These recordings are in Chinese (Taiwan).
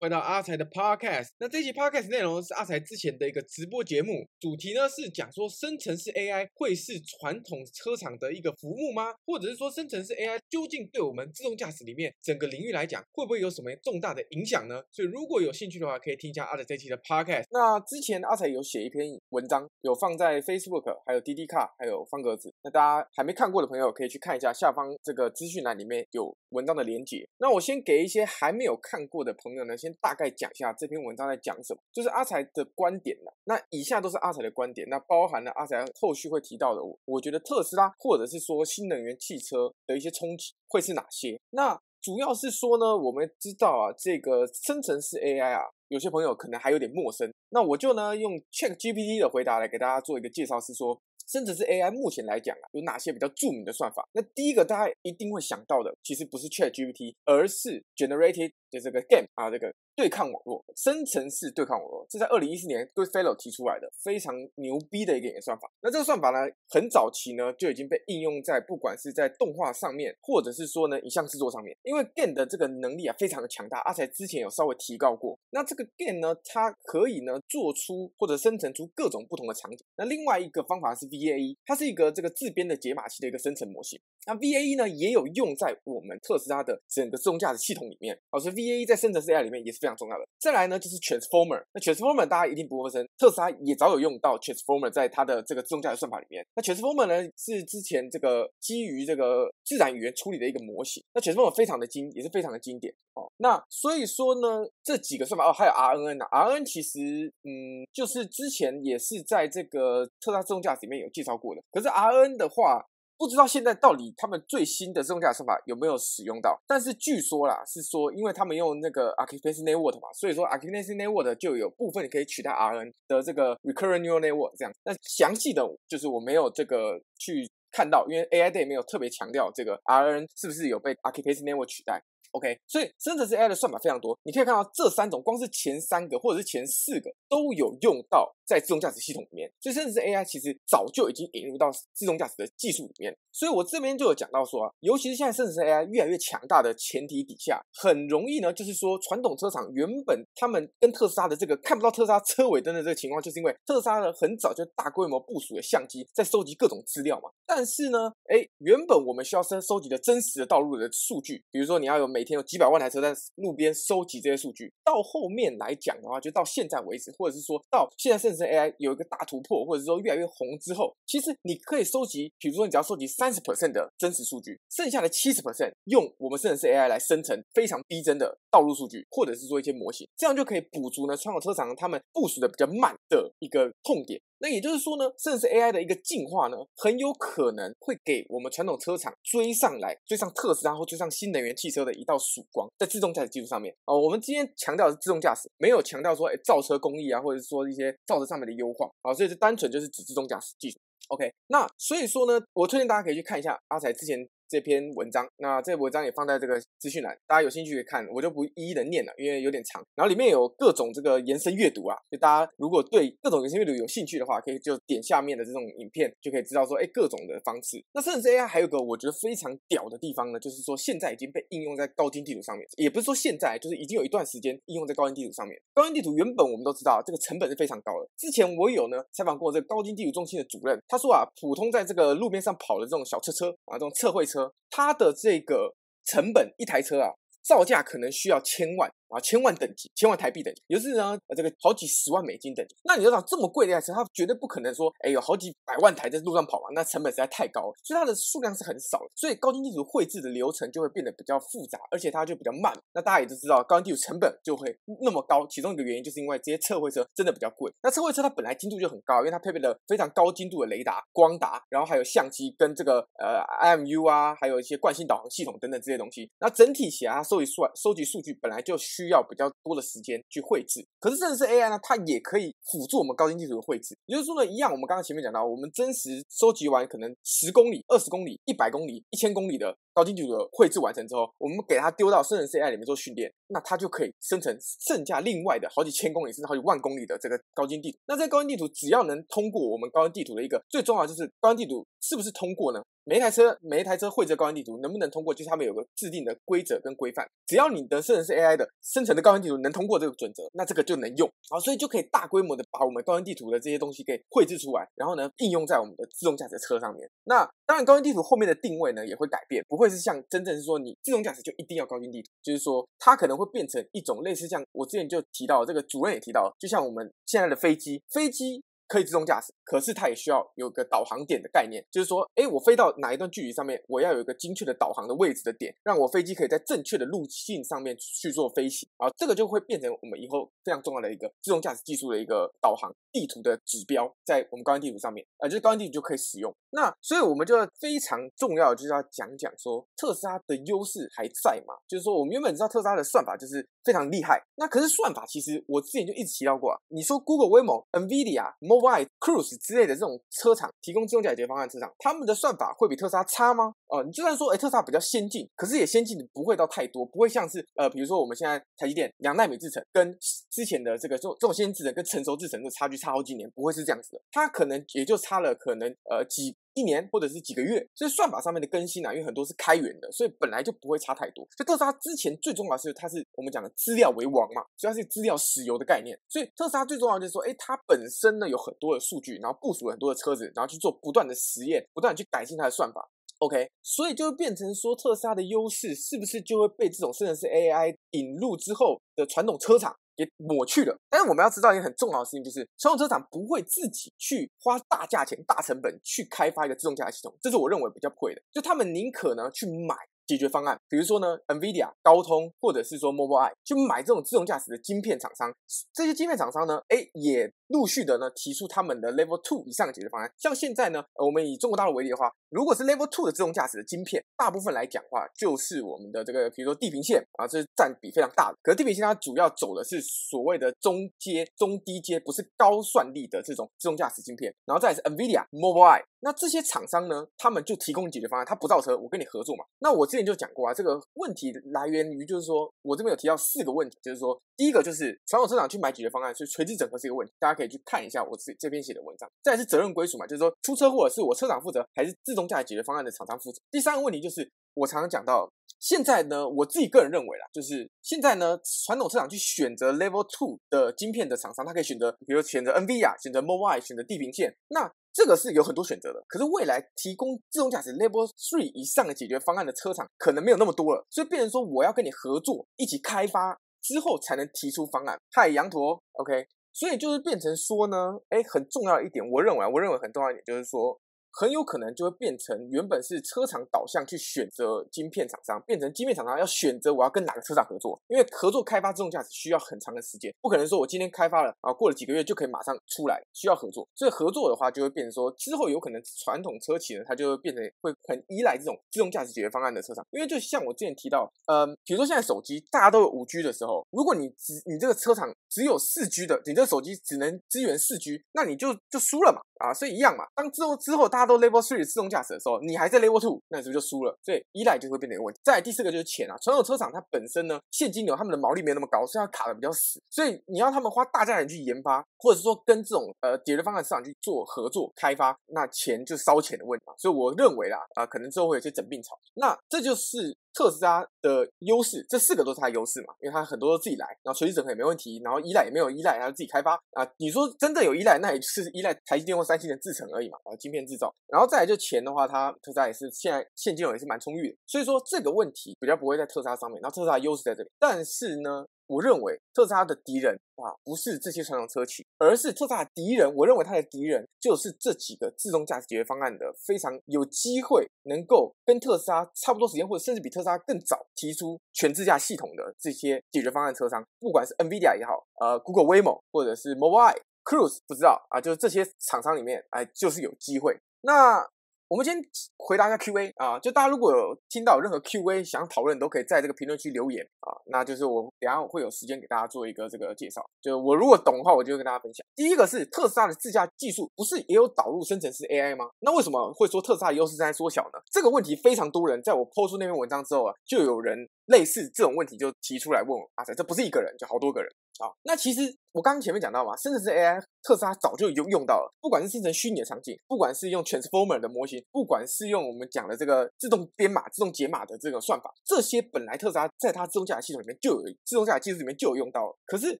回到阿財的 podcast，那這期 podcast 內容是阿財之前的一個直播節目，主題呢是講說生成式 AI 會是傳統車廠的一個服務嗎？或者是說生成式 AI 究竟對我們自動駕駛裡面整個領域來講，會不會有什麼重大的影響呢？所以如果有興趣的話，可以聽一下阿財這期的 podcast。那之前阿財有寫一篇文章，有放在 Facebook、還有滴滴 car 還有方格子。那大家還沒看過的朋友，可以去看一下下方這個資訊欄裡面有文章的連結。那我先給一些還沒有看過的朋友呢，先大概講一下這篇文章在講什麼，就是阿財的觀點、啊、那以下都是阿財的觀點，那包含了阿財後續會提到的我。我我覺得特斯拉或者是說新能源汽車的一些衝擊會是哪些？那主要是說呢，我們知道啊，這個生成式 AI 啊，有些朋友可能還有點陌生。那我就呢用 ChatGPT 的回答來給大家做一個介紹，是說生成式 AI 目前來講啊，有哪些比較著名的算法？那第一個大家一定會想到的，其實不是 ChatGPT，而是 Generated 就這個 game 啊，這個對抗網絡，生成式對抗網絡，是在二零一四年對 fellow 提出來的非常牛逼的一個算法。那這個算法呢，很早期呢就已經被應用在不管是在動畫上面，或者是說呢影像製作上面，因為 game 的這個能力啊非常的強大，阿、啊、才之前有稍微提到過。那這個 game 呢，它可以呢做出或者生成出各種不同的場景。那另外一個方法是 VAE，它是一個這個自編的解碼器的一個生成模型。那 VAE 呢，也有用在我們特斯拉的整個自動駕駛系統裡面，哦，所以 VAE 在生成式 AI 裡面也是非常重要的。再來呢，就是 Transformer。那 Transformer 大家一定不陌生，特斯拉也早有用到 Transformer 在它的這個自動駕駛算法裡面。那 Transformer 呢，是之前這個基於這個自然語言處理的一個模型。那 Transformer 非常的經，也是非常的經典哦。那所以說呢，這幾個算法哦，還有 RNN 呢、啊、RNN 其實嗯，就是之前也是在這個特斯拉自動駕駛裡面有介紹過的。可是 RNN 的話，不知道現在到底他們最新的自動駕駛算法有沒有使用到。但是據說啦是說因為他們用那個 Archipation Network 嘛所以說 Archipation Network 就有部分你可以取代 RN 的這個 Recurrent Neural Network, 這樣。那詳細的就是我沒有這個去看到因為 AI Day 沒有特別強調這個 RN 是不是有被 Archipation Network 取代。OK，所以生成式 AI 的算法非常多，你可以看到這三種，光是前三個或者是前四個都有用到在自動駕駛系統裡面。所以生成式 AI 其實早就已經引入到自動駕駛的技術裡面。所以我這邊就有講到說、啊，尤其是現在生成式 AI 越來越強大的前提底下，很容易呢就是說，傳統車廠原本他們跟特斯拉的這個看不到特斯拉車尾燈的這個情況，就是因為特斯拉呢很早就大規模部署了相機，在收集各種資料嘛。但是呢，哎、欸，原本我們需要收收集的真實的道路的數據，比如說你要有每每天有幾百萬台車在路邊收集這些數據，到後面來講的話，就到現在為止，或者是說到現在，生成式 AI 有一個大突破，或者是說越來越紅之後，其實你可以收集，比如說你只要收集三十 percent 的真實數據，剩下的七十 percent 用我們生成式 AI 來生成非常逼真的道路數據，或者是說一些模型，這樣就可以補足呢傳統車廠他們部署的比較慢的一個痛點。那也就是說呢，甚至 AI 的一個進化呢，很有可能會給我們傳統車廠追上來，追上特斯拉，或追上新能源汽車的一道曙光，在自動駕駛技術上面哦，我們今天強調的是自動駕駛，沒有強調說哎、欸、造車工藝啊，或者是說一些造車上面的優化啊、哦，所以是單純就是指自動駕駛技術。OK，那所以說呢，我推薦大家可以去看一下阿財之前這篇文章，那這文章也放在這個資訊欄，大家有興趣可以看，我就不一一的念了，因為有點長。然後裡面有各種這個延伸閱讀啊，就大家如果對各種延伸閱讀有興趣的話，可以就點下面的這種影片，就可以知道說，誒，各種的方式。那甚至 AI 還有個我覺得非常屌的地方呢，就是說現在已經被應用在高精地圖上面，也不是說現在，就是已經有一段時間應用在高精地圖上面。高精地圖原本我們都知道，這個成本是非常高的。之前我有呢採訪過這個高精地圖中心的主任，他說啊，普通在這個路面上跑的這種小車車啊，這種測繪車。它的這個成本，一台車啊，造價可能需要千萬。啊，千萬等級、千萬台幣等級，有時候這個好幾十萬美金等級。那你要想這麼貴的一台車，它絕對不可能說，哎有好幾百萬台在路上跑啊，那成本實在太高了。所以它的數量是很少的。所以高精地圖繪制的流程就會變得比較複雜，而且它就比較慢。那大家也都知道，高精地圖成本就會那麼高，其中一個原因就是因為這些測繪車真的比較貴。那測繪車它本來精度就很高，因為它配備了非常高精度的雷達、光達，然後還有相機跟這個呃 IMU 啊，還有一些慣性導航系統等等這些東西。那整體起來，它收集數收集數據本來就。需要比較多的時間去繪製，可是甚至是 AI 呢，它也可以輔助我們高精技術的繪製。也就是說呢，一樣，我們剛剛前面講到，我們真實收集完可能十公里、二十公里、一百公里、一千公里的。高精地圖的繪製完成之後，我們給它丟到生成 AI 裡面做訓練，那它就可以生成剩下另外的好幾千公里甚至好幾萬公里的這個高精地圖。那這個高精地圖只要能通過我們高精地圖的一個最重要的就是高精地圖是不是通過呢？每一台車每一台車繪制的高精地圖能不能通過？就是他們有個制定的規則跟規範，只要你的生成是 AI 的生成的高精地圖能通過這個準則，那這個就能用啊。所以就可以大規模的把我們高精地圖的這些東西給繪制出來，然後呢應用在我們的自動駕駛車上面。那當然高精地圖後面的定位呢也會改變，不會。就是像真正是說，你這種駕駛就一定要高精地圖，就是說它可能會變成一種類似像我之前就提到，這個主任也提到，就像我們現在的飛機，飛機。可以自動駕駛，可是它也需要有一個導航點的概念，就是說，哎、欸，我飛到哪一段距離上面，我要有一個精確的導航的位置的點，讓我飛機可以在正確的路徑上面去做飛行啊，然後這個就會變成我們以後非常重要的一個自動駕駛技術的一個導航地圖的指標，在我們高精地圖上面啊、呃，就是高精地圖就可以使用。那所以我們就要非常重要的就是要講講說，特斯拉的優勢還在嗎？就是說，我們原本知道特斯拉的算法就是非常厲害，那可是算法其實我之前就一直提到過，啊，你說 Google Waymo, Nvidia,、w a m o NVIDIA Y Cruise 之類的這種車廠提供自動駕駛解決方案的車廠，他們的算法會比特斯拉差嗎？哦、呃，你就算說哎、欸，特斯拉比較先進，可是也先進的不會到太多，不會像是呃，比如說我們現在台積電兩納米製程跟之前的這個這這種先進製程跟成熟製程的差距差好幾年，不會是這樣子的。它可能也就差了可能呃幾一年或者是幾個月，所以算法上面的更新呢、啊，因為很多是開源的，所以本來就不會差太多。就特斯拉之前最重要的是它是我們講的資料為王嘛，所以它是資料石油的概念，所以特斯拉最重要就是說，哎、欸，它本身呢有很多的數據，然後部署了很多的車子，然後去做不斷的實驗，不斷去改進它的算法。OK，所以就會變成說，特斯拉的優勢是不是就會被這種甚至是 AI 引入之後的傳統車廠給抹去了？但是我們要知道一件很重要的事情，就是傳統車廠不會自己去花大價錢、大成本去開發一個自動駕駛系統，這是我認為比較貴的。就他們寧可呢去買解決方案，比如說呢，NVIDIA、高通或者是說 Mobileye 去買這種自動駕駛的晶片廠商。這些晶片廠商呢，哎、欸、也。陸續的呢，提出他們的 Level Two 以上的解決方案。像現在呢，呃、我們以中國大陸為例的話，如果是 Level Two 的自動駕駛的晶片，大部分來講的話，就是我們的這個比如說地平線啊，這、就是占比非常大的。可是地平線它主要走的是所謂的中階、中低階，不是高算力的這種自動駕駛晶片。然後再來是 NVIDIA、Mobileye，那這些廠商呢，他們就提供解決方案，他不造車，我跟你合作嘛。那我之前就講過啊，這個問題來源於就是說我這邊有提到四個問題，就是說第一個就是傳統車廠去買解決方案，所以垂直整合是一個問題，大家。可以去看一下我自己這篇寫的文章。再來是責任歸屬嘛，就是說出車禍是我車廠負責，還是自動駕駛解決方案的廠商負責？第三個問題就是我常常講到，現在呢，我自己個人認為啦，就是現在呢，傳統車廠去選擇 Level Two 的晶片的廠商，他可以選擇，比如說選擇 NVIDIA、選擇 Mobileye、選擇地平線，那這個是有很多選擇的。可是未來提供自動駕駛 Level Three 以上的解決方案的車廠可能沒有那麼多了，所以變成說我要跟你合作，一起開發之後才能提出方案。嗨，羊駝，OK。所以就是變成說呢，哎，很重要一點，我認為，我認為很重要一點就是說。很有可能就會變成原本是車廠導向去選擇晶片廠商，變成晶片廠商要選擇我要跟哪個車廠合作，因為合作開發自動駕駛需要很長的時間，不可能說我今天開發了啊，過了幾個月就可以馬上出來，需要合作。所以合作的話就會變成說之後有可能傳統車企呢，它就會變成會很依賴這種自動駕駛解決方案的車廠，因為就像我之前提到，嗯，比如說現在手機大家都有五 G 的時候，如果你只你這個車廠只有四 G 的，你這個手機只能支援四 G，那你就就輸了嘛，啊，所以一樣嘛。當之後之後大家。到 Level Three 自動駕駛的時候，你還在 Level Two，那你是不是就輸了？所以依賴就會變成一個問題。再來第四個就是錢啊，傳統車廠它本身呢，現金流，他們的毛利沒有那麼高，所以它卡的比較死。所以你要他們花大價錢去研發，或者是說跟這種呃解決方案市場去做合作開發，那錢就燒錢的問題嘛。所以我認為啦，啊、呃，可能之後會有些整併潮。那這就是，特斯拉的優勢，這四個都是它的優勢嘛，因為它很多都自己來，然後垂直整合也沒問題，然後依賴也沒有依賴，然後自己開發啊。你說真的有依賴，那也是依賴台積電或三星的製程而已嘛，啊，晶片制造。然後再來就錢的話，它特斯拉也是現在現金流也是蠻充裕的，所以說這個問題比較不會在特斯拉上面。然後特斯拉的優勢在這裡。但是呢。我認為特斯拉的敵人啊，不是這些傳統車企，而是特斯拉的敵人。我認為它的敵人就是這幾個自動駕駛解決方案的非常有機會能夠跟特斯拉差不多時間，或者甚至比特斯拉更早提出全自駕系統的這些解決方案車商，不管是 NVIDIA 也好，呃 Google Waymo 或者是 Mobileye, Cruise，不知道啊、呃，就是這些廠商裡面，哎、呃，就是有機會。那我們先回答一下 Q A 啊，就大家如果有聽到有任何 Q A 想討論，都可以在這個評論區留言啊，那就是我等一下會有時間給大家做一個這個介紹。就我如果懂的話，我就會跟大家分享。第一個是特斯拉的自駕技術，不是也有導入生成式 A I 嗎？那為什麼會說特斯拉的優勢在縮小呢？這個問題非常多人在我 po 出那篇文章之後啊，就有人。類似這種問題就提出來問我啊，這不是一個人，就好多個人啊。那其實我剛剛前面講到嘛，生成式 AI，特斯拉早就已經用到了，不管是生成虛擬的場景，不管是用 Transformer 的模型，不管是用我們講的這個自動編碼、自動解碼的這個算法，這些本來特斯拉在它自動駕駛系統裡面就有，自動駕駛技術裡面就有用到了。可是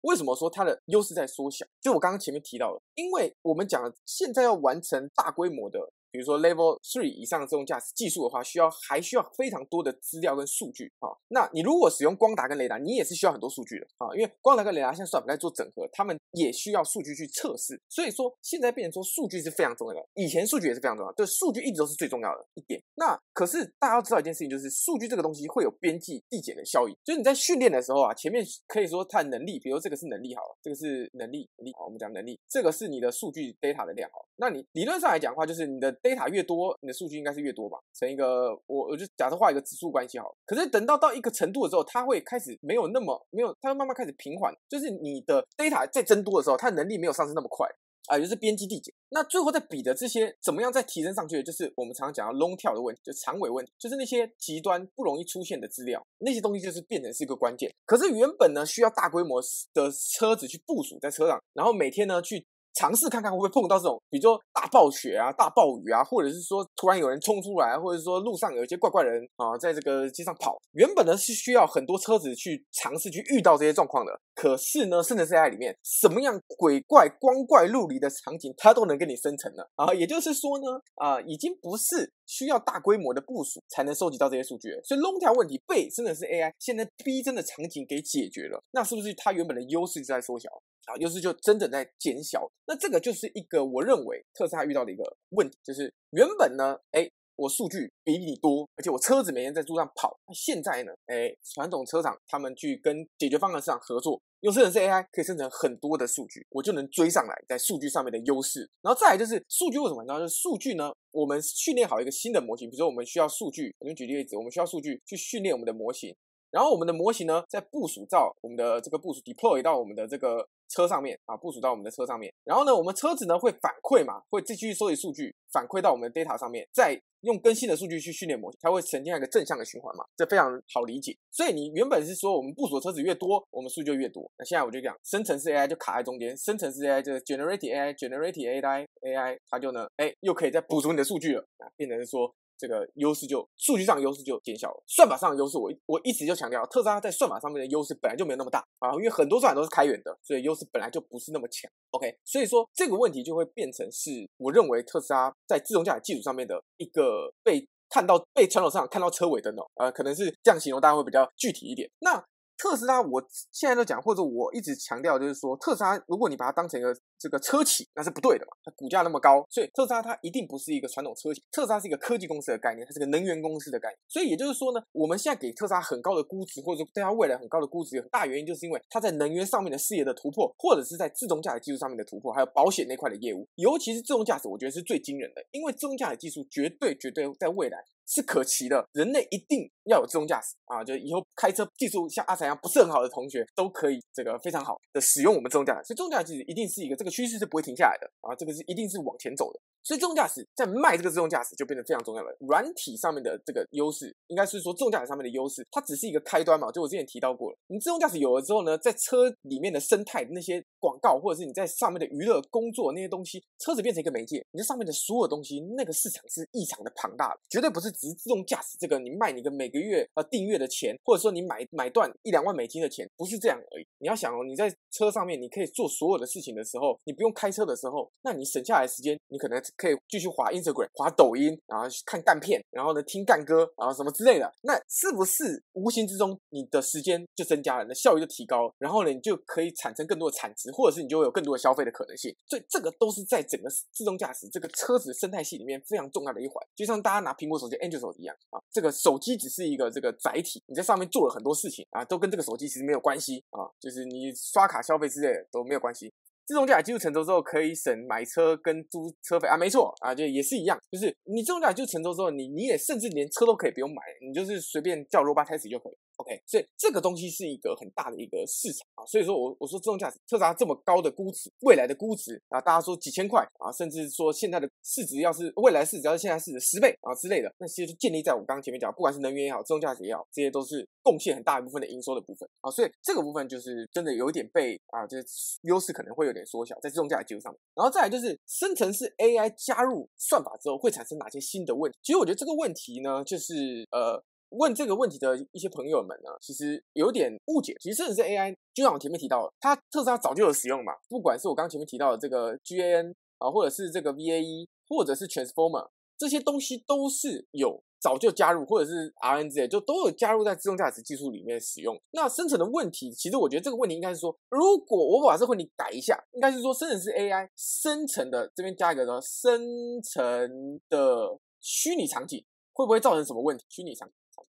為什麼說它的優勢在縮小？就我剛剛前面提到了，因為我們講了，現在要完成大規模的。比如說，Level Three 以上的自動駕駛技術的話，需要還需要非常多的資料跟數據啊、哦。那你如果使用光達跟雷達，你也是需要很多數據的啊、哦。因為光達跟雷達現在算，在做整合，他們也需要數據去測試。所以說，現在變成說數據是非常重要的。以前數據也是非常重要，就數據一直都是最重要的。一點。那可是大家要知道一件事情，就是數據這個東西會有邊際遞減的效應。就是你在訓練的時候啊，前面可以說它的能力，比如說這個是能力好了，這個是能力能力好，我們講能力，這個是你的數據 data 的量。那你理論上來講的話，就是你的。data 越多，你的數據應該是越多吧。成一個我我就假設畫一個指數關係好了。可是等到到一個程度的時候，它會開始沒有那麼沒有，它會慢慢開始平緩，就是你的 data 在增多的時候，它的能力沒有上升那麼快啊，也就是邊際遞減。那最後再比的這些怎麼樣再提升上去的，就是我們常常講到 long tail 的問題，就是長尾問題，就是那些極端不容易出現的資料，那些東西就是變成是一個關鍵。可是原本呢，需要大規模的車子去部署在車上，然後每天呢去。嘗試看看會不會碰到這種，比如說大暴雪啊、大暴雨啊，或者是說突然有人衝出來，或者是說路上有一些怪怪人啊、呃，在這個街上跑。原本呢是需要很多車子去嘗試去遇到這些狀況的，可是呢，生成式 AI 裡面什麼樣鬼怪光怪陸離的場景，它都能跟你生成了啊。也就是說呢，啊、呃，已經不是需要大規模的部署才能收集到這些數據，所以 long tail 問題被生成式 AI 現在逼真的場景給解決了，那是不是它原本的優勢就在縮小？啊，優勢就真的在減小。那這個就是一個我認為特斯拉遇到的一個問題，就是原本呢，哎，我數據比你多，而且我車子每天在路上跑。那現在呢，哎，傳統車廠他們去跟解決方案市場合作，用生成式 AI 可以生成很多的數據，我就能追上來在數據上面的優勢。然後再來就是數據為什麼重要？然後就是數據呢？我們訓練好一個新的模型，比如說我們需要數據，我們舉例子，我們需要數據去訓練我們的模型。然後我們的模型呢，在部署到我們的這個部署 deploy 到我們的這個車上面啊，部署到我們的車上面。然後呢，我們車子呢會反饋嘛，會繼續收集數據，反饋到我們的 data 上面，再用更新的數據去訓練模型，它會呈現一個正向的循環嘛。這非常好理解。所以你原本是說我們部署的車子越多，我們數據就越多。那、啊、現在我就講生成式 AI 就卡在中間，生成式 AI 就 generative AI，generative AI AI 它就呢，哎，又可以再補充你的數據了啊，變成是說。這個優勢就數據上的優勢就減小了，算法上的優勢我我一直就強調，特斯拉在算法上面的優勢本來就沒有那麼大啊，因為很多算法都是開源的，所以優勢本來就不是那麼強。OK，所以說這個問題就會變成是，我認為特斯拉在自動駕駛技術上面的一個被看到、被傳統市場看到車尾燈哦，呃、啊，可能是這樣形容，大家會比較具體一點。那特斯拉我現在都講，或者我一直強調就是說，特斯拉如果你把它當成一個這個車企那是不對的嘛，它股價那麼高，所以特斯拉它一定不是一個傳統車企，特斯拉是一個科技公司的概念，它是個能源公司的概念。所以也就是說呢，我們現在給特斯拉很高的估值，或者說對它未來很高的估值，有很大原因就是因為它在能源上面的事業的突破，或者是在自動駕駛技術上面的突破，還有保險那塊的業務，尤其是自動駕駛，我覺得是最驚人的，因為自動駕駛技術絕對絕對在未來是可期的，人類一定要有自動駕駛啊！就以後開車技術像阿財一樣不是很好的同學，都可以這個非常好的使用我們自動駕駛，所以自動駕駛技術一定是一個這個。趨勢是不會停下來的，啊，這個是一定是往前走的。所以自動駕駛在賣這個自動駕駛就變得非常重要了。軟體上面的這個優勢，應該是說自動駕駛上面的優勢，它只是一個開端嘛。就我之前提到過了，你自動駕駛有了之後呢，在車裡面的生態那些廣告，或者是你在上面的娛樂、工作那些東西，車子變成一個媒介，你這上面的所有東西，那個市場是異常的龐大，絕對不是只自動駕駛這個你賣你個每個月呃訂閱的錢，或者說你買買斷一兩萬美金的錢，不是這樣而已。你要想哦，你在車上面你可以做所有的事情的時候，你不用開車的時候，那你省下來時間，你可能。可以繼續滑 Instagram，滑抖音，然後看乾片，然後呢，聽乾歌，然後什麼之類的。那是不是無形之中你的時間就增加了，那效率就提高了，然後呢，你就可以產生更多的產值，或者是你就會有更多的消費的可能性。所以這個都是在整個自動駕駛這個車子生態系裡面非常重要的一環。就像大家拿蘋果手機、安卓手機一樣啊，這個手機只是一個這個載體，你在上面做了很多事情啊，都跟這個手機其實沒有關係啊，就是你刷卡消費之類的都沒有關係。自動駕駛進入成熟之後，可以省買車跟租車費啊。沒，沒錯啊，就也是一樣，就是你自動駕駛進入成熟之後你，你你也甚至連車都可以不用買，你就是隨便叫 Robotaxi 就可以了。OK，所以這個東西是一個很大的一個市場啊，所以說我我說自動駕駛特斯拉這麼高的估值，未來的估值啊，大家說幾千塊啊，甚至說現在的市值要是未來市值要是現在市值十倍啊之類的，那其實建立在我剛剛前面講，不管是能源也好，自動駕駛也好，這些都是貢獻很大一部分的營收的部分啊，所以這個部分就是真的有一點被啊，就是優勢可能會有點縮小在自動駕駛技術上，然後再來就是生成式 AI 加入算法之後會產生哪些新的問題？其實我覺得這個問題呢，就是呃。問這個問題的一些朋友們呢，其實有點誤解。其實生成式 AI 就像我前面提到的，它特斯拉早就有使用嘛。不管是我剛前面提到的這個 GAN 啊，或者是這個 VAE，或者是 Transformer，這些東西都是有早就加入，或者是 RNN 之類就都有加入在自動駕駛技術裡面使用。那生成的問題，其實我覺得這個問題應該是說，如果我把這個問題改一下，應該是說生成式 AI 生成的這邊加一個什麼生成的虛擬場景，會不會造成什麼問題？虛擬場景。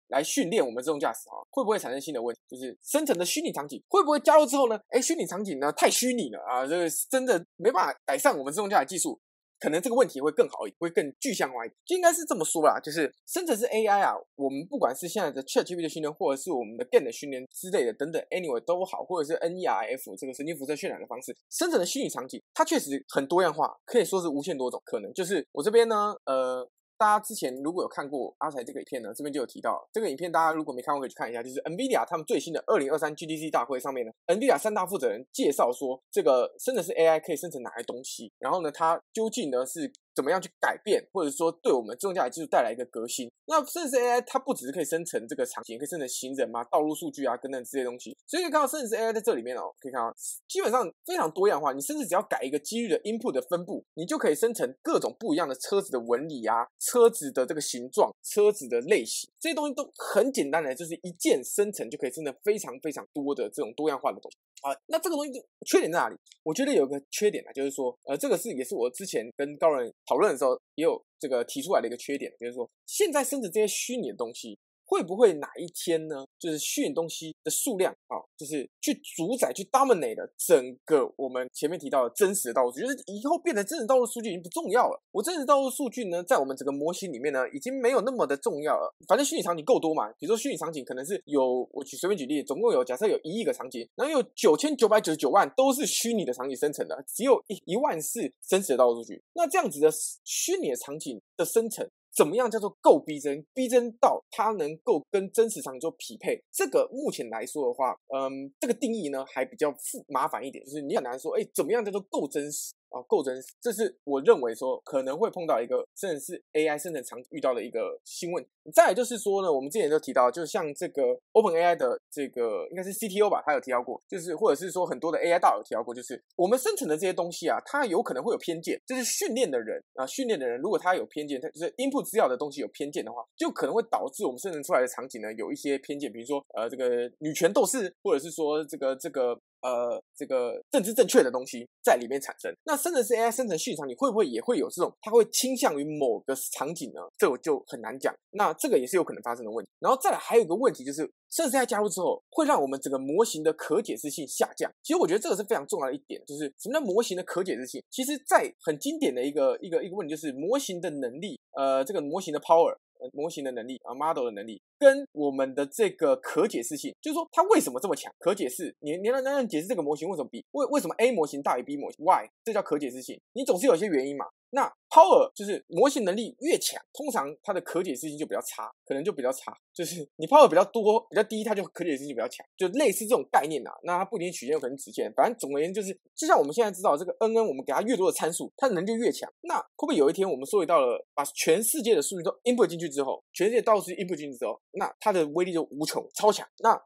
來訓練我們自動駕駛啊，會不會產生新的問題？就是生成的虛擬場景會不會加入之後呢？哎，虛擬場景呢太虛擬了啊，這個、就是真的沒辦法改善我們自動駕駛技術。可能這個問題會更好一點，會更具象化一點，就應該是這麼說啦。就是生成式 AI 啊，我們不管是現在的 ChatGPT 的訓練，或者是我們的 GAN 的訓練之類的等等，anyway 都好，或者是 NERF 這個神經輻射渲染的方式，生成的虛擬場景它確實很多樣化，可以說是無限多種可能。就是我這邊呢，呃。大家之前如果有看過阿財這個影片呢，這邊就有提到這個影片。大家如果沒看過，可以去看一下，就是 Nvidia 他們最新的2023 GTC 大會上面呢，Nvidia 三大負責人介紹說，這個生成式 AI 可以生成哪些東西，然後呢，它究竟呢是？怎麼樣去改變，或者說對我們自動駕駛技術帶來一個革新？那生成式 AI 它不只是可以生成這個場景，也可以生成行人嘛、道路數據啊、跟那這些東西。所以看到生成式 AI 在這裡面哦，可以看到基本上非常多樣化。你甚至只要改一個機率的 input 的分布，你就可以生成各種不一樣的車子的紋理啊、車子的這個形狀、車子的類型，這些東西都很簡單的，就是一鍵生成就可以生成非常非常多的這種多樣化的東西。啊、呃，那這個東西缺點在哪裡？我覺得有個缺點呢，就是說，呃，這個是也是我之前跟高人討論的時候，也有這個提出來的一個缺點，就是說，現在甚至這些虛擬的東西。會不會哪一天呢？就是虛擬東西的數量啊、哦，就是去主宰、去 dominate 了整個我們前面提到的真實的道路數據，就是以後變成真實道路數據已經不重要了。我真實道路數據呢，在我們整個模型裡面呢，已經沒有那麼的重要了。反正虛擬場景夠多嘛，比如說虛擬場景可能是有，我舉隨便舉例，總共有假設有一億個場景，然後有九千九百九十九萬都是虛擬的場景生成的，只有一一萬是真實的道路數據。那這樣子的虛擬的場景的生成。怎麼樣叫做夠逼真？逼真到它能夠跟真實上做匹配，這個目前來說的話，嗯，這個定義呢還比較複麻煩一點，就是你很難說，哎，怎麼樣叫做夠真實？哦，構成這是我認為說可能會碰到一個，甚至是 AI 生成場景遇到的一個新問題。再來就是說呢，我們之前都提到，就像這個 OpenAI 的這個應該是 CTO 吧，他有提到過，就是或者是說很多的 AI 大佬有提到過，就是我們生成的這些東西啊，它有可能會有偏見。這、就是訓練的人啊，訓練的人如果他有偏見，他就是 input 資料的東西有偏見的話，就可能會導致我們生成出來的場景呢有一些偏見，比如說呃這個女權鬥士，或者是說這個這個。呃，這個政治正確的東西在裡面產生，那生成式 AI 生成續場，你會不會也會有這種，它會傾向於某個場景呢？這我就很難講。那這個也是有可能發生的問題。然後再來還有一個問題就是，生成 AI 加入之後，會讓我們整個模型的可解釋性下降。其實我覺得這個是非常重要的一點，就是什麼叫模型的可解釋性？其實，在很經典的一個一個一個問題就是模型的能力，呃，這個模型的 power，呃，模型的能力啊，呃，model 的能力。跟我們的這個可解釋性，就是說它為什麼這麼強？可解釋，你你讓、讓、讓解釋這個模型為什麼 B 為為什麼 A 模型大於 B 模型 Why？這叫可解釋性，你總是有一些原因嘛。那 power 就是模型能力越強，通常它的可解釋性就比較差，可能就比較差。就是你 power 比較多，比較低，它就可解釋性就比較強，就類似這種概念啊。那它不一定曲線，有可能直線，反正總而言之就是，就像我們現在知道這個 NN，我們給它越多的參數，它的能力就越強。那會不會有一天我們收集到了把全世界的數據都 input 進去之後，全世界到處 input 進去之後？那它的威力就無窮，超強。那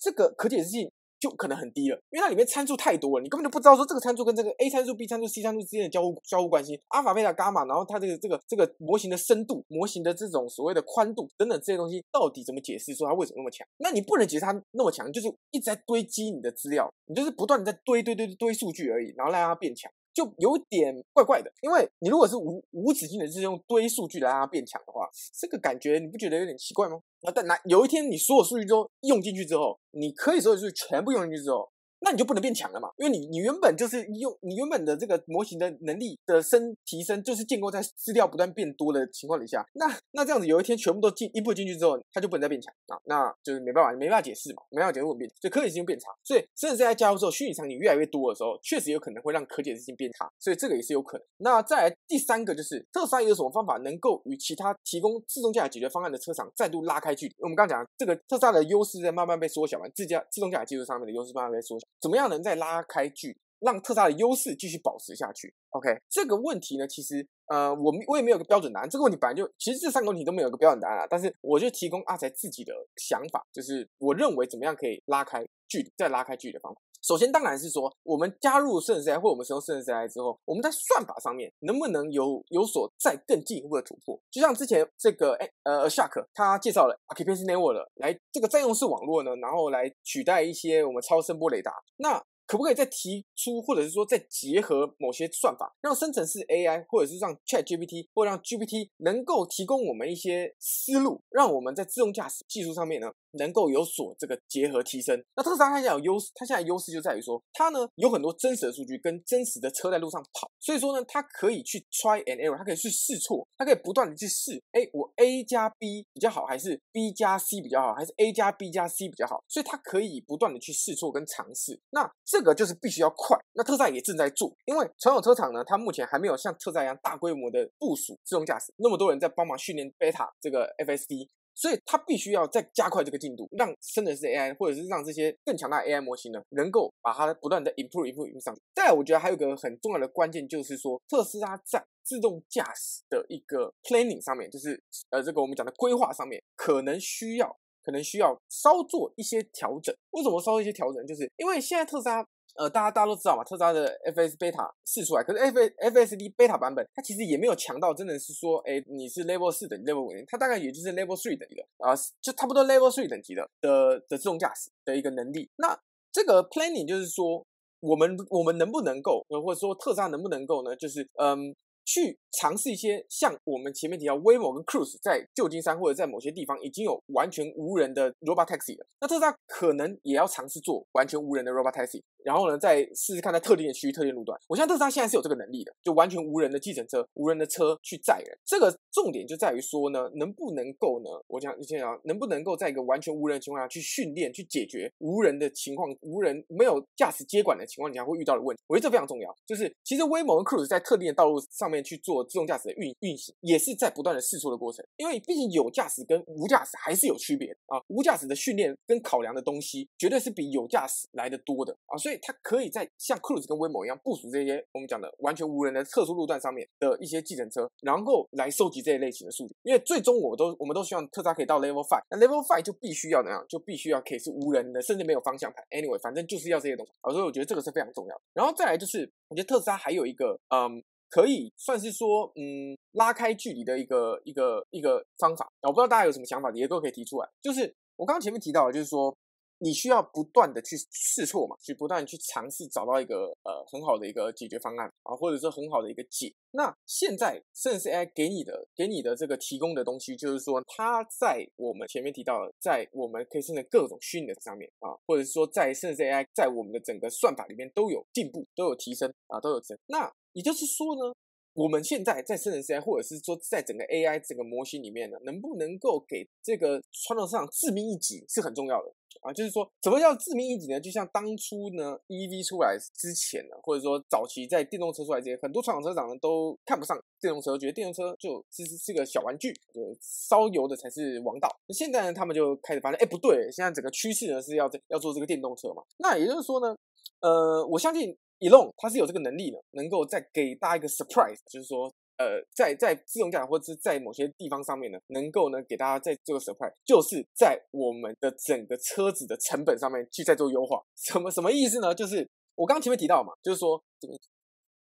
這個可解釋性就可能很低了，因為它裡面參數太多了，你根本就不知道說這個參數跟這個 A 參數、B 參數、C 參數之間的交互交互關係，阿爾法、貝塔、伽馬，然後它這個這個這個模型的深度、模型的這種所謂的寬度等等這些東西，到底怎麼解釋說它為什麼那麼強？那你不能解釋它那麼強，就是一直在堆積你的資料，你就是不斷的在堆堆堆堆數據而已，然後讓它變強。就有點怪怪的，因為你如果是無無止境的，就是用堆數據來讓它變強的話，這個感覺你不覺得有點奇怪嗎？那但哪有一天你所有數據都用進去之後，你可以所有數據全部用進去之後。那你就不能變強了嘛？因為你你原本就是你用你原本的這個模型的能力的升提升，就是建構在資料不斷變多的情況底下。那那這樣子有一天全部都進一步進去之後，它就不能再變強啊！那就是沒辦法，沒辦法解釋嘛，沒辦法解釋，就變就可解釋性變差。所以，甚至在加入之後，虛擬場景越來越多的時候，確實有可能會讓可解釋性變差。所以這個也是有可能。那再來第三個就是特斯拉有什麼方法能夠與其他提供自動駕駛解決方案的車廠再度拉開距離？我們剛剛講這個特斯拉的優勢在慢慢被縮小，嘛自家自動駕駛技術上面的優勢慢慢被縮小。怎麼樣能再拉開距離，讓特斯拉的優勢繼續保持下去？OK，這個問題呢，其實呃，我我也沒有個標準答案。這個問題本來就其實這三個問題都沒有個標準答案啊，但是我就提供阿財自己的想法，就是我認為怎麼樣可以拉開距離，再拉開距離的方法。首先，當然是說，我們加入生成式 AI，或者我們使用生成式 AI 之後，我們在算法上面能不能有有所再更進一步的突破？就像之前這個，哎、欸，呃，Ashok 他介紹了 Occupancy Network 來這個占用式網絡呢，然後來取代一些我們超聲波雷達。那可不可以再提出，或者是說再結合某些算法，讓生成式 AI，或者是 ChatGPT，或者讓 ChatGPT，或讓 GPT 能夠提供我們一些思路，讓我們在自動駕駛技術上面呢？能夠有所這個結合提升。那特斯拉它現在有優勢，它現在優勢就在於說，它呢有很多真實的數據跟真實的車在路上跑，所以說呢，它可以去 try and error，它可以去試錯，它可以不斷的去試，哎、欸，我 A 加 B 比較好，還是 B 加 C 比較好，還是 A 加 B 加 C 比較好，所以它可以不斷的去試錯跟嘗試。那這個就是必須要快。那特斯拉也正在做，因為傳統車廠呢，它目前還沒有像特斯拉一樣大規模的部署自動駕駛，那麼多人在幫忙訓練 beta 這個 FSD。所以它必須要再加快這個進度，讓生成式 AI，或者是讓這些更強大的 AI 模型呢，能夠把它不斷的 improve improve improve 上去。再來，我覺得還有一個很重要的關鍵，就是說特斯拉在自動駕駛的一個 planning 上面，就是呃這個我們講的規劃上面，可能需要可能需要稍做一些調整。為什麼稍做一些調整？就是因為現在特斯拉。呃，大家大家都知道嘛，特斯拉的 FS beta 試出來，可是 FS FSD beta 版本，它其實也沒有強到真的是說，哎、欸，你是 Level 四等級 Level 五零，它大概也就是 Level three 等級的啊、呃，就差不多 Level three 等級的的的自動駕駛的一個能力。那這個 planning 就是說，我們我們能不能夠、呃，或者說特斯拉能不能夠呢？就是嗯、呃，去嘗試一些像我們前面提到 Waymo 跟 Cruise 在舊金山或者在某些地方已經有完全無人的 robotaxi 了，那特斯拉可能也要嘗試做完全無人的 robotaxi。然後呢，再試試看在特定的區域、特定路段。我相信特斯拉現在是有這個能力的，就完全無人的計程車、無人的車去載人。這個重點就在於說呢，能不能夠呢？我講，我想講，能不能夠在一個完全無人的情況下去訓練、去解決無人的情況、無人沒有駕駛接管的情況下會遇到的問題。我覺得這非常重要。就是其實 Waymo 跟 Cruise 在特定的道路上面去做自動駕駛的運運行，也是在不斷的試錯的過程。因為畢竟有駕駛跟無駕駛還是有區別的啊。無駕駛的訓練跟考量的東西，絕對是比有駕駛來得多的啊。所以，它可以在像 Cruise 跟 Waymo 一樣部署這些我們講的完全無人的特殊路段上面的一些計程車，然後來收集這些類型的數據。因為最終我們都我們都希望特斯拉可以到 Level Five，那 Level Five 就必須要怎樣，就必須要可以是無人的，甚至沒有方向盤。Anyway，反正就是要這些東西。啊，所以我覺得這個是非常重要的。然後再來就是，我覺得特斯拉還有一個，嗯，可以算是說，嗯，拉開距離的一個一個一個方法。啊，我不知道大家有什麼想法，也都可以提出來。就是我剛剛前面提到的，就是說。你需要不斷的去試錯嘛，去不斷去嘗試找到一個呃很好的一個解決方案，啊，或者是很好的一個解。那現在生成 AI 給你的給你的這個提供的東西，就是說它在我們前面提到的，在我們可以生成各種虛擬的上面啊，或者是說在生成 AI 在我們的整個算法，裡面都有進步，都有提升啊，都有提升。那也就是說呢，我們現在在生成 AI 或者是說在整個 AI 這個模型裡面呢，能不能夠給這個傳統車廠致命一擊是很重要的。啊，就是說，什麼叫致命一擊呢？就像當初呢，EV 出來之前呢，或者說早期在電動車出來之前，很多傳統車廠呢都看不上電動車，覺得電動車就其實是，是個小玩具，對，燒油的才是王道。那現在呢，他們就開始發現，哎、欸，不對，現在整個趨勢呢是要要做這個電動車嘛。那也就是說呢，呃，我相信 Elon 他是有這個能力的，能夠再給大家一個 surprise，就是說。呃，在在自動駕駛或者是在某些地方上面呢，能夠呢給大家在這個 surprise 就是在我們的整個車子的成本上面去在做優化，什麼什麼意思呢？就是我剛剛前面提到嘛，就是說，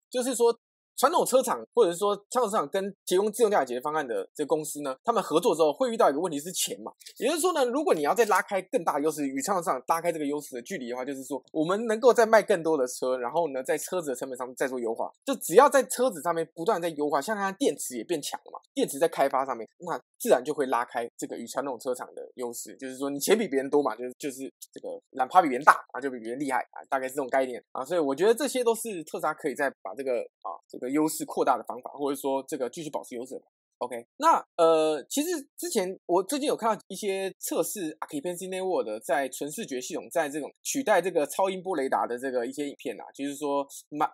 就是說。傳統車廠，或者是說，傳統車廠跟提供自動駕駛解決方案的這公司呢，他們合作之後會遇到一個問題是錢嘛。也就是說呢，如果你要再拉開更大優勢，與傳統車廠拉開這個優勢的距離的話，就是說我們能夠再賣更多的車，然後呢，在車子的成本上面再做優化，就只要在車子上面不斷在優化，像它電池也變強了嘛，電池在開發上面，那自然就會拉開這個與傳統車廠的優勢。就是說你錢比別人多嘛，就是就是這個哪怕比別人大，啊，就比別人厲害啊，大概是這種概念啊。所以我覺得這些都是特斯拉可以再把這個啊。優勢擴大的方法，或者說這個繼續保持優勢。OK，那呃，其實之前我最近有看到一些測試 Occupancy Network 在純視覺系統，在這種取代這個超音波雷達的這個一些影片吶、啊，就是說蠻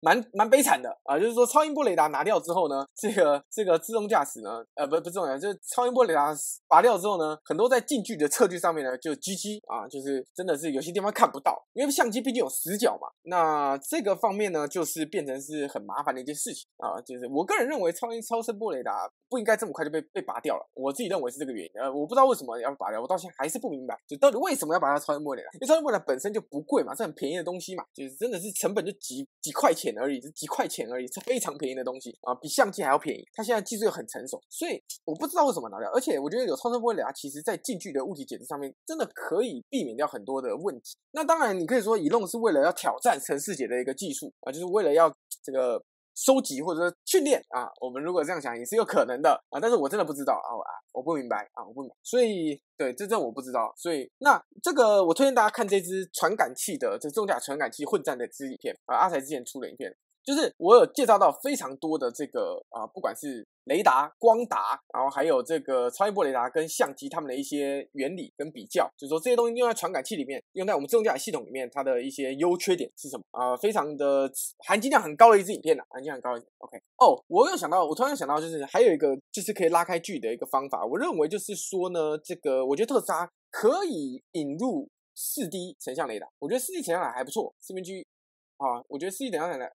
蠻蠻，蠻悲慘的啊，就是說超音波雷達拿掉之後呢，這個這個自動駕駛呢，呃，不不重要，就是超音波雷達拔掉之後呢，很多在近距離的測距上面呢就 GG 啊，就是真的是有些地方看不到，因為相機畢竟有死角嘛。那這個方面呢，就是變成是很麻煩的一件事情啊，就是我個人認為超音超聲波雷達。啊，不應該這麼快就被被拔掉了。我自己認為是這個原因，呃，我不知道為什麼要拔掉，我到現在還是不明白，就到底為什麼要把它超聲波雷達？因為超聲波雷達本身就不貴嘛，是很便宜的東西嘛，就是真的是成本就幾幾塊錢而已，就幾塊錢而已，是非常便宜的東西啊，比相機還要便宜。它現在技術又很成熟，所以我不知道為什麼拿掉。而且我覺得有超聲波雷達，其實在近距的物體檢測上面，真的可以避免掉很多的問題。那當然，你可以說 Elon 是為了要挑戰城市解的一個技術啊，就是為了要這個。收集或者說訓練啊，我們如果這樣想也是有可能的啊，但是我真的不知道啊，我，我不明白啊，我不明白，所以對，這這我不知道，所以那這個我推薦大家看這支傳感器的這重甲傳感器混戰的這支影片啊，阿財之前出了影片。就是我有介紹到非常多的這個啊、呃，不管是雷達、光達，然後還有這個超音波雷達跟相機它們的一些原理跟比較，就是、說這些東西用在傳感器裡面，用在我們自動駕駛系統裡面，它的一些優缺點是什麼啊、呃？非常的含金量很高的一支影片吶，含金量很高的一支。OK，哦，oh, 我又想到，我突然想到，就是還有一個就是可以拉開距離的一個方法，我認為就是說呢，這個我覺得特斯拉可以引入四 D 成像雷達，我覺得四 D 成像雷達還不錯，四邊居啊，我覺得四 D 成像雷達。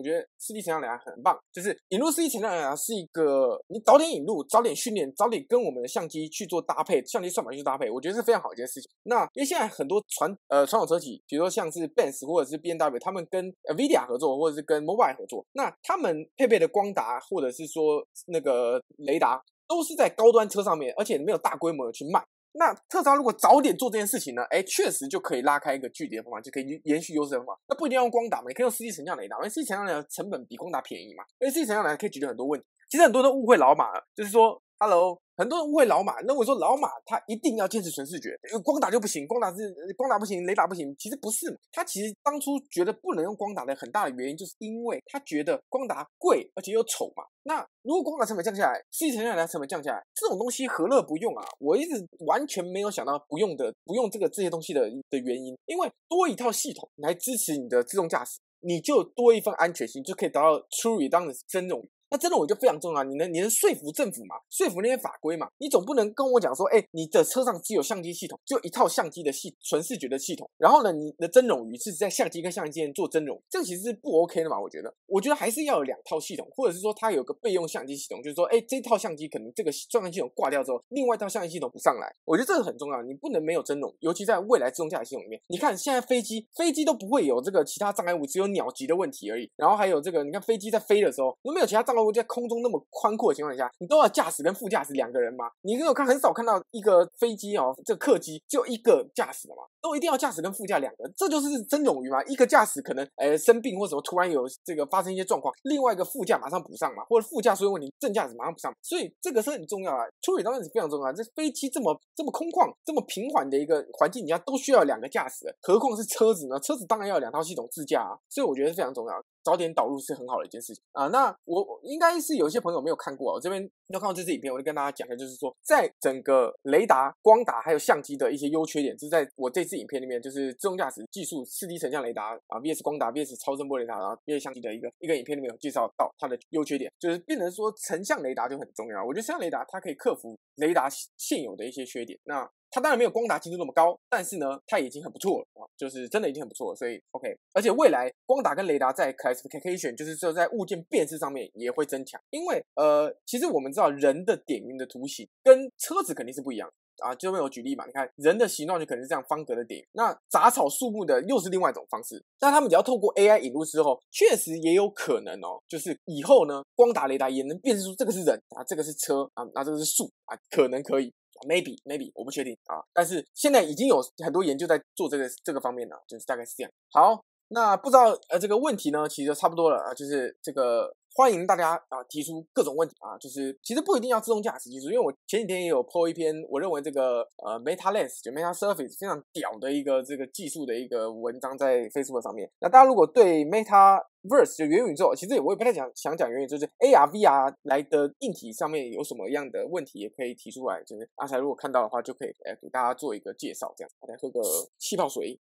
我覺得四 D 成像雷達很棒，就是引入四 D 成像雷達是一個，你早點引入，早點訓練，早點跟我們的相機去做搭配，相機算法去搭配，我覺得是非常好的一件事情。那因為現在很多傳呃傳統車企，比如說像是 Benz 或者是 BMW，他們跟 NVIDIA 合作或者是跟 Mobile 合作，那他們配備的光達或者是說那個雷達都是在高端車上面，而且沒有大規模的去賣。那特斯拉如果早點做這件事情呢？哎，確實就可以拉開一個距離的方法，就可以延續優勢的方法。那不一定要用光打嘛，你可以用四 D 成像雷達。因為四 D 成像雷達成本比光打便宜嘛，因為四 D 成像雷達可以解決很多問題。其實很多都誤會老馬了，就是說。哈嘍，很多人誤會老馬，認為說老馬他一定要堅持純視覺，光達就不行，光達是光達不行，雷達不行，其實不是嘛，他其實當初覺得不能用光達的很大的原因，就是因為他覺得光達貴而且又醜嘛。那如果光達成本降下來，視覺傳感器成本降下來，這種東西何樂不用啊？我一直完全沒有想到不用的不用這個這些東西的的原因，因為多一套系統來支持你的自動駕駛，你就多一份安全性，就可以達到初語當的真容。那冗餘我就非常重要，你能你能說服政府嘛？說服那些法規嘛？你總不能跟我講說，哎、欸，你的車上只有相機系統，就一套相機的系純視覺的系統，然後呢，你的冗餘是在相機跟相機間做冗餘，這個其實是不 OK 的嘛？我覺得，我覺得還是要有兩套系統，或者是說它有個備用相機系統，就是說，哎、欸，這套相機可能這個狀態系統掛掉之後，另外一套相機系統不上來。我覺得這個很重要，你不能沒有冗餘，尤其在未來自動駕駛系統裡面，你看現在飛機飛機都不會有這個其他障礙物，只有鳥擊的問題而已。然後還有這個，你看飛機在飛的時候，都沒有其他障。在空中那麼寬闊的情況下，你都要駕駛跟副駕駛兩個人嗎？你跟我看很少看到一個飛機哦，這個、客機就一個駕駛的嘛，都一定要駕駛跟副駕兩個，這就是真冗餘嘛。一個駕駛可能誒、呃、生病或什麼，突然有這個發生一些狀況，另外一個副駕馬上補上嘛，或者副駕出了問題，正駕駛馬上補上，所以這個是很重要啊。冗餘當然是非常重要啊。這飛機這麼這麼空曠、這麼平緩的一個環境底下都需要兩個駕駛，何況是車子呢？車子當然要兩套系統自駕，啊，所以我覺得非常重要。早點導入是很好的一件事情啊。那我應該是有些朋友沒有看過，我這邊要看到這支影片，我就跟大家講一下，就是說，在整個雷達、光達還有相機的一些優缺點，就在我這次影片裡面，就是自動駕駛技術、四 D 成像雷達啊，VS 光達，VS 超聲波雷達，然後 VS 相機的一個一個影片裡面有介紹到它的優缺點。就是變成說成像雷達就很重要，我覺得成像雷達它可以克服雷達現有的一些缺點。那它當然沒有光達精度那麼高，但是呢，它已經很不錯了，就是真的已經很不錯了。所以 OK，而且未來光達跟雷達在 classification，就是說在物件辨識上面也會增強，因為呃，其實我們知道人的點雲的圖形跟車子肯定是不一樣啊。就為我舉例嘛，你看人的形狀就可能是這樣方格的點雲，那雜草樹木的又是另外一種方式。那他們只要透過 AI 引入之後，確實也有可能哦，就是以後呢，光達雷達也能辨識出這個是人啊，這個是車啊，那這個是樹啊，可能可以。Maybe, Maybe，我不確定啊，但是現在已經有很多研究在做這個這個方面了，就是大概是這樣。好。那不知道，呃，這個問題呢，其實就差不多了啊，呃，就是這個歡迎大家啊，呃、提出各種問題啊，呃，就是其實不一定要自動駕駛技術，因為我前幾天也有 Po 一篇我認為這個呃 Meta Lens 就 Meta Surface 非常屌的一個這個技術的一個文章在 Facebook 上面。那大家如果對 Meta Verse 就元宇宙，其實我也不太想想講元宇宙，就是 AR VR 來的硬體上面有什麼樣的問題，也可以提出來，就是阿、啊、才如果看到的話，就可以哎給大家做一個介紹，這樣。來喝個氣泡水。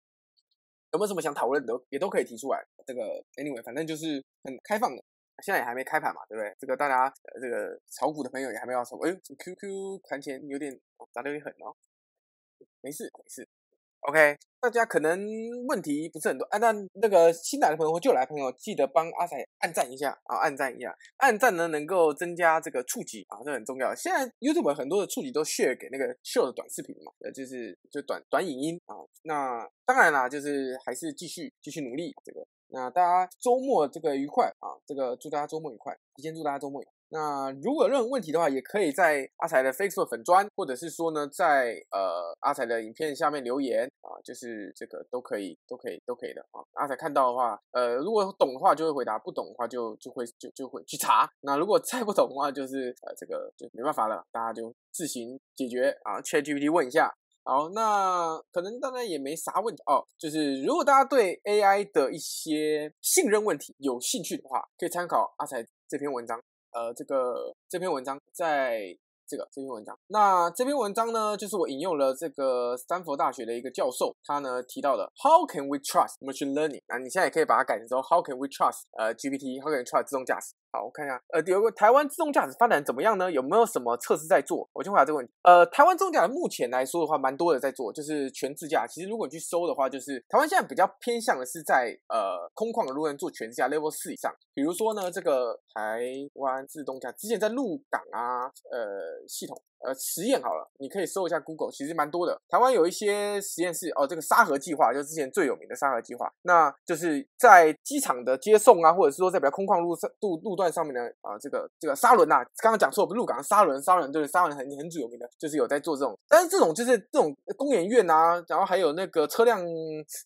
有沒有什麼想討論的，也都可以提出來。這個 anyway，反正就是很開放的。現在也還沒開盤嘛，對不對？這個大家、呃、這個炒股的朋友也還沒有要炒股。哎呦這個，QQ 談錢有點打得有點狠哦，沒事沒事。OK，大家可能問題不是很多啊，那那個新來的朋友或舊來的朋友，記得幫阿財按贊一下啊，按贊一下，按贊呢能夠增加這個觸及啊，這個很重要。現在 YouTube 很多的觸及都 share 給那個秀的短視頻嘛，呃，就是就短短影音啊。那當然啦，就是還是繼續繼續努力這個。那大家週末這個愉快啊，這個祝大家週末愉快，提前祝大家週末愉快。那如果有任何問題的話，也可以在阿財的 Facebook 粉專，或者是說呢，在呃阿財的影片下面留言啊，就是這個都可以，都可以，都可以的啊。阿財看到的話，呃，如果懂的話就會回答，不懂的話就就會就就會去查。那如果再不懂的話，就是呃這個就沒辦法了，大家就自行解決啊，去 ChatGPT 問一下。好，那可能大家也沒啥問題哦，就是如果大家對 AI 的一些信任問題有興趣的話，可以參考阿財這篇文章。呃，這個這篇文章在這個這篇文章，那這篇文章呢，就是我引用了這個史丹佛大學的一個教授，他呢提到的 how can we trust machine learning？啊，你現在也可以把它改成說 how can we trust？呃，GPT？how can we trust 自動駕駛？好，我看一下，呃，有個台灣自動駕駛發展怎麼樣呢？有沒有什麼測試在做？我先回答這個問題。呃，台灣自動駕駛目前來說的話，蠻多的在做，就是全自駕。其實如果你去搜的話，就是台灣現在比較偏向的是在呃空曠的路段做全自駕，Level 四以上。比如說呢，這個台灣自動駕駛之前在鹿港，啊，呃，系統。呃，實驗好了，你可以搜一下 Google，其實蠻多的。台灣有一些實驗室哦，這個沙盒計劃就是之前最有名的沙盒計劃，那就是在機場的接送啊，或者是說在比較空曠路路路段上面的啊、呃，這個這個沙崙吶、啊，剛剛講錯，不是鹿港沙崙，沙崙就是沙崙很很主有名的，就是有在做這種，但是這種就是這種工研院啊，然後還有那個車輛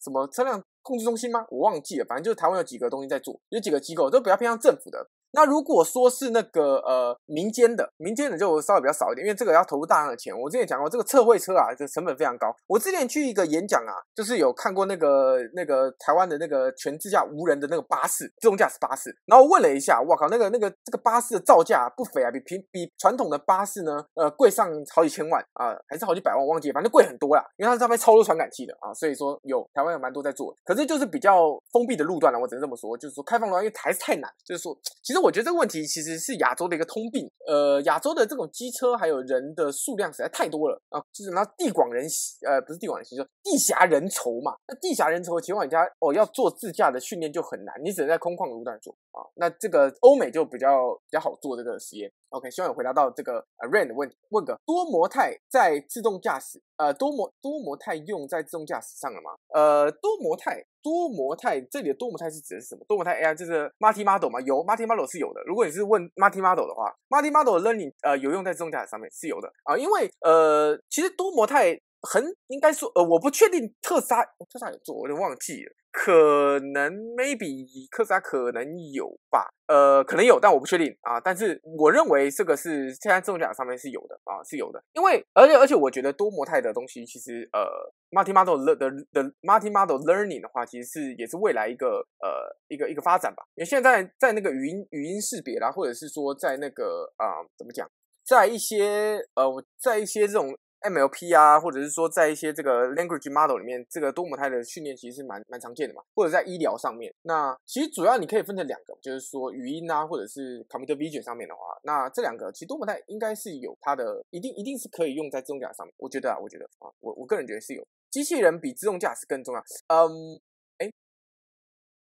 什麼車輛控制中心嗎？我忘記了，反正就是台灣有幾個東西在做，有幾個機構都比較偏向政府的。那如果說是那個呃民間的，民間的就稍微比較少一點，因為這個要投入大量的錢。我之前講過，這個測繪車啊，這個、成本非常高。我之前去一個演講啊，就是有看過那個那個台灣的那個全自駕無人的那個巴士，自動駕駛巴士。然後我問了一下，我靠，那個那個、那個、這個巴士的造價不菲啊，比平比，比傳統的巴士呢，呃，貴上好幾千萬啊、呃，還是好幾百萬，我忘記，反正貴很多啦。因為它上面超多傳感器的啊，所以說有台灣有蠻多在做的，可是就是比較封閉的路段呢，我只能這麼說，就是說開放路段因為還是太難，就是說其實。我覺得這個問題其實是亞洲的一個通病，呃，亞洲的這種機車還有人的數量實在太多了啊，就是那地廣人稀，呃，不是地廣人稀，就地狹人稠嘛。那地狹人稠，前往一家哦，要做自駕的訓練就很難，你只能在空曠的路段做啊。那這個歐美就比較比較好做這個實驗。OK，希望有回答到這個 Rain 的問題。問個多模態在自動駕駛，呃，多模多模態用在自動駕駛上了嗎？呃，多模態。多模態，這裡的多模態是指的是什麼？多模態 AI 就是 multi model 嘛，有 multi model 是有的。如果你是問 multi model 的話，multi model learning 呃，有用在自動駕駛上面是有的啊，因為呃其實多模態很應該說呃，我不確定特斯拉、哦、特斯拉有做，我有點忘記了。可能 maybe 特斯拉可能有吧，呃，可能有，但我不確定啊。但是我認為這個是現在自動駕駛上面是有的啊，是有的。因為而且而且，而且我覺得多模態的東西其實呃，multimodal the the multimodal learning 的話，其實是也是未來一個呃一個一個發展吧。因為現在在，在那個語音語音識別啦，或者是說在那個啊、呃、怎麼講，在一些呃在一些這種。MLP 啊，或者是說在一些這個 language model 裡面，這個多模態的訓練其實是蠻蠻常見的嘛。或者在醫療上面，那其實主要你可以分成兩個，就是說語音啊，或者是 computer vision 上面的話，那這兩個其實多模態應該是有它的一定，一定是可以用在自動駕駛上面。我覺得啊，我覺得啊，我我個人覺得是有。機器人比自動駕駛更重要。嗯，誒、欸，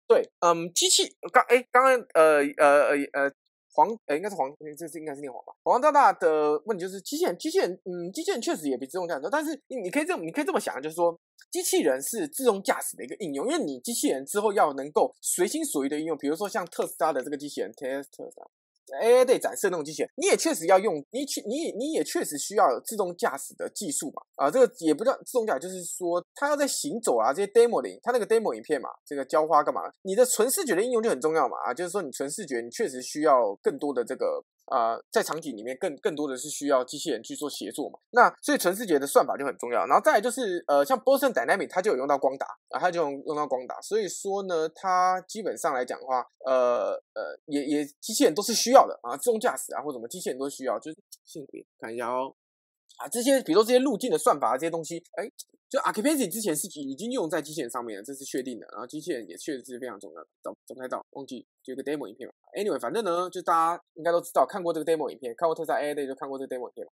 對，嗯，機器剛誒，剛剛呃呃呃呃。呃呃呃黃，誒、欸、應該是黃，這這應該是念黃吧？黃大大的問題就是機器人，機器人，嗯，機器人確實也比自動駕駛，但是你你可以這麼，你可以這麼想，就是說機器人是自動駕駛的一個應用，因為你機器人之後要能夠隨心所欲的應用，比如說像特斯拉的這個機器人 Tesla、嗯、的。哎，對，展示那種機器人，你也確實要用，你去，你你也確實需要自動駕駛的技術嘛？啊，這個也不叫自動駕駛，就是說它要在行走啊，這些 demo 裡，它那個 demo 影片嘛，這個澆花幹嘛？你的純視覺的應用就很重要嘛？啊，就是說你純視覺，你確實需要更多的這個。啊、呃，在場景裡面更更多的是需要機器人去做協作嘛，那所以純視覺的算法就很重要。然後再來就是，呃，像 Boston Dynamics 它就有用到光達，啊，它就用用到光達。所以說呢，它基本上來講的話，呃呃，也也機器人都是需要的啊，自動駕駛啊或者什麼，機器人都需要，就是性別看一下哦。啊，這些比如說這些路徑的算法啊，這些東西，哎，就 occupancy 之前是已經用在機器人上面了，這是確定的。然後機器人也確實是非常重要。早總開到，忘記，就有個 demo 影片嘛。Anyway，反正呢，就大家應該都知道，看過這個 demo 影片，看過特斯拉，a 的就看過這個 demo 影片了。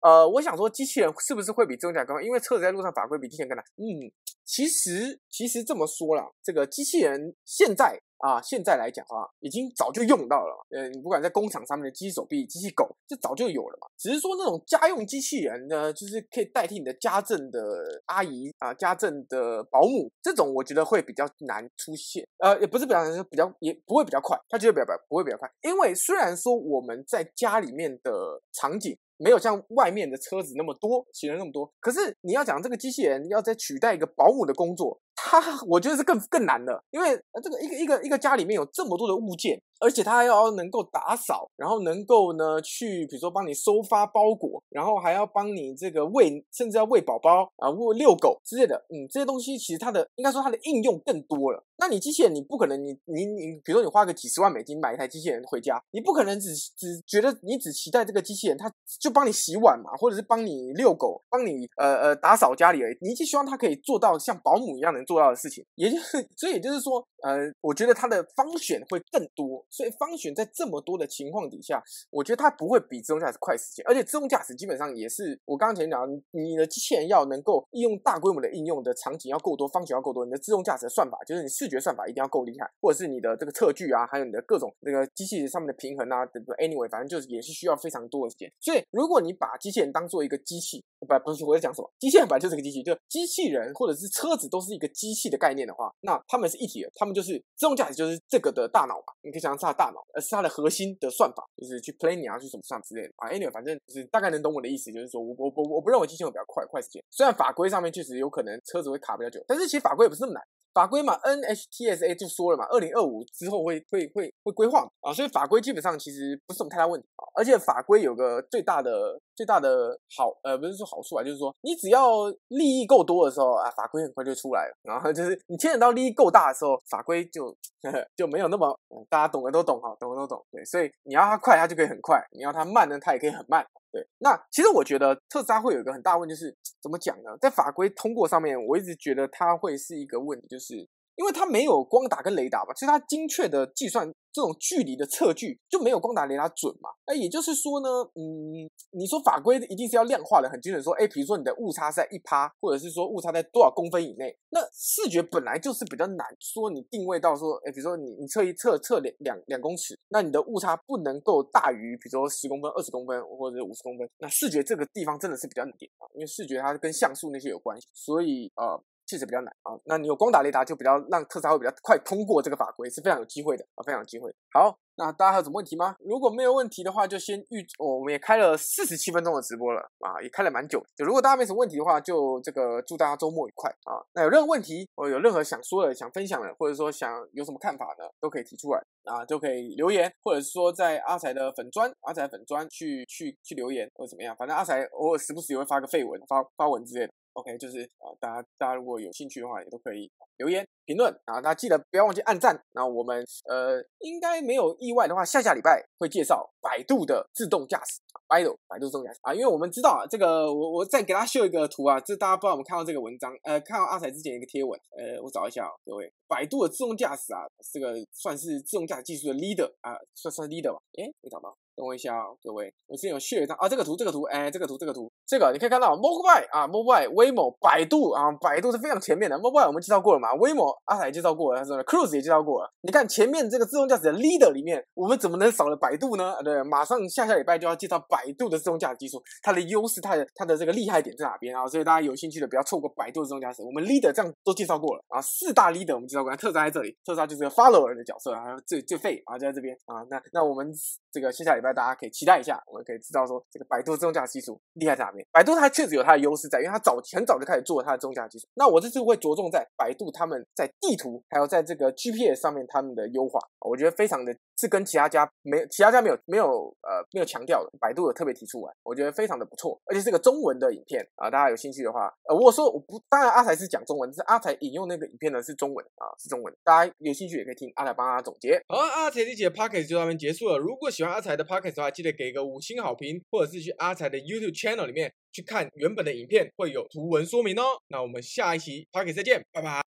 呃，我想說，機器人是不是會比自動駕駛更快？因為車子在路上法規比機器人更難。嗯，其實其實這麼說啦，這個機器人現在。啊，現在來講的話，啊，已經早就用到了嘛。呃、嗯，你不管在工廠上面的機器手臂，機器狗，這早就有了嘛。只是說那種家用機器人呢，就是可以代替你的家政的阿姨啊，家政的保姆，這種我覺得會比較難出現。呃，也不是比較難，比較也不會比較快，它就是比較不會比較快。因為雖然說我們在家裡面的場景沒有像外面的車子那麼多，行人那麼多，可是你要講這個機器人要在取代一個保姆的工作。他我覺得是更更難的，因為這個一個一個一個家裡面有這麼多的物件。而且它還要能夠打掃，然後能夠呢去，比如說幫你收發包裹，然後還要幫你這個餵，甚至要餵寶寶啊，餵遛狗之類的。嗯，這些東西其實它的應該說它的應用更多了。那你機器人，你不可能你你你，比如說你花個幾十萬美金買一台機器人回家，你不可能只只覺得你只期待這個機器人它就幫你洗碗嘛，或者是幫你遛狗，幫你呃呃打掃家裡而已。你就希望它可以做到像保姆一樣能做到的事情，也就是所以也就是說。呃，我覺得它的方選會更多，所以方選在這麼多的情況底下，我覺得它不會比自動駕駛快實現，而且自動駕駛基本上也是我剛剛前面講，你的機器人要能夠應用大規模的應用的場景要夠多，方選要夠多。你的自動駕駛的算法，就是你視覺算法一定要夠厲害，或者是你的這個測距啊，還有你的各種那個機器人上面的平衡啊，等等 anyway，反正就是也是需要非常多的時間。所以如果你把機器人當做一個機器，不不是我在講什麼，機器人本來就是個機器，就機器人或者是車子都是一個機器的概念的話，那它們是一體的，它們。就是自動駕駛，這種值就是這個的大腦嘛，你可以想象它的大腦，而是它的核心的算法，就是去 plan 你啊，去怎麼算之類的。啊，anyway，反正，就是大概能懂我的意思，就是說，我我我我不認為機器人會比較快，快時間。雖然法規上面確實有可能車子會卡比較久，但是其實法規也不是那麼難。法規嘛，NHTSA 就說了嘛，二零二五之後會會會會規劃啊，所以法規基本上其實不是什麼太大問題啊。而且法規有個最大的。最大的好，呃，不是說好處啊，就是說你只要利益夠多的時候啊，法規很快就出來了。然後就是你牽扯到利益夠大的時候，法規就，呵呵，就沒有那麼、嗯、大家懂的都懂哈，懂的都懂。對，所以你要它快，它就可以很快；你要它慢呢，它也可以很慢。對，那其實我覺得特斯拉會有一個很大問題，就是怎麼講呢？在法規通過上面，我一直覺得它會是一個問題，就是。因為它沒有光達跟雷達嘛，其實它精確的計算這種距離的測距就沒有光達雷達準嘛。那、欸、也就是說呢，嗯，你說法規一定是要量化的，很精準說，誒、欸、比如說你的誤差在一趴，或者是說誤差在多少公分以內。那視覺本來就是比較難說你定位到說，誒、欸、比如說你你測一測測兩兩兩公尺，那你的誤差不能夠大於，比如說十公分、二十公分或者是五十公分。那視覺這個地方真的是比較難點啊，因為視覺它跟像素那些有關係，所以呃。確實比較難啊，那你有光達雷達就比較讓特斯拉會比較快通過這個法規，是非常有機會的啊，非常有機會。好，那大家還有什麼問題嗎？如果沒有問題的話，就先預、哦、我們也開了四十七分鐘的直播了啊，也開了蠻久。就如果大家沒什麼問題的話，就這個祝大家周末愉快啊。那有任何問題，我、哦、有任何想說的、想分享的，或者說想有什麼看法的，都可以提出來啊，都可以留言，或者是說在阿財的粉專阿財粉專去去去留言或者怎麼樣，反正阿財偶爾時不時也會發個廢文發發文之類的。OK，就是啊、呃，大家大家如果有興趣的話，也都可以、啊、留言評論啊。然後大家記得不要忘記按讚。那我們呃，應該沒有意外的話，下下禮拜會介紹百度的自動駕駛，百、啊、度百度自動駕駛啊。因為我們知道這個，我我再給大家秀一個圖啊，這大家不知道有沒有看到這個文章，呃，看到阿財之前一個貼文，呃，我找一下哦，各位，百度的自動駕駛啊，這個算是自動駕駛技術的 leader 啊，算算是 leader 吧。誒、欸，沒找到。等我一下啊、哦，各位，我之前有 share 一張啊，這個圖，這個圖，哎，這個圖，這個圖，這個、這個這個、你可以看到 Mobileye 啊，Mobileye、Waymo、百度啊，百度是非常前面的。Mobileye 我們介紹過了嘛，Waymo 阿、啊、財介紹過了，他、啊、說 Cruise 也介紹過了。你看前面這個自動駕駛的 Leader 裡面，我們怎麼能少了百度呢？對，馬上下下禮拜就要介紹百度的自動駕駛技術，它的優勢，它的它的這個厲害點在哪邊啊？所以大家有興趣的不要錯過百度自動駕駛。我們 Leader 這樣都介紹過了啊，四大 Leader 我們介紹過，啊、特斯拉在這裡，特斯拉就是個 follower 的角色啊，最最廢啊，就在這邊啊。那那我們這個線下那大家可以期待一下，我們可以知道說這個百度自動駕駛技術厲害在哪裡。百度它確實有它的優勢在，因為它早很早就開始做它的自動駕駛技術。那我這次會着重在百度他們在地圖還有在這個 GPS 上面他們的優化，我覺得非常的，是跟其他家沒其他家沒有沒有呃沒有強調的，百度有特別提出來，我覺得非常的不錯。而且是個中文的影片啊、呃，大家有興趣的話，呃，如果說我不當然阿財是講中文，但是阿財引用那個影片呢是中文啊、呃，是中文，大家有興趣也可以聽阿財幫大家總結。好，阿財這期的 Podcast 就到這邊結束了。如果喜歡阿財的 Podcast...，的話，記得給個五星好評，或者是去阿財的 YouTube channel 裡面去看原本的影片，會有圖文說明哦。那我們下一期 Podcast 再見，拜拜。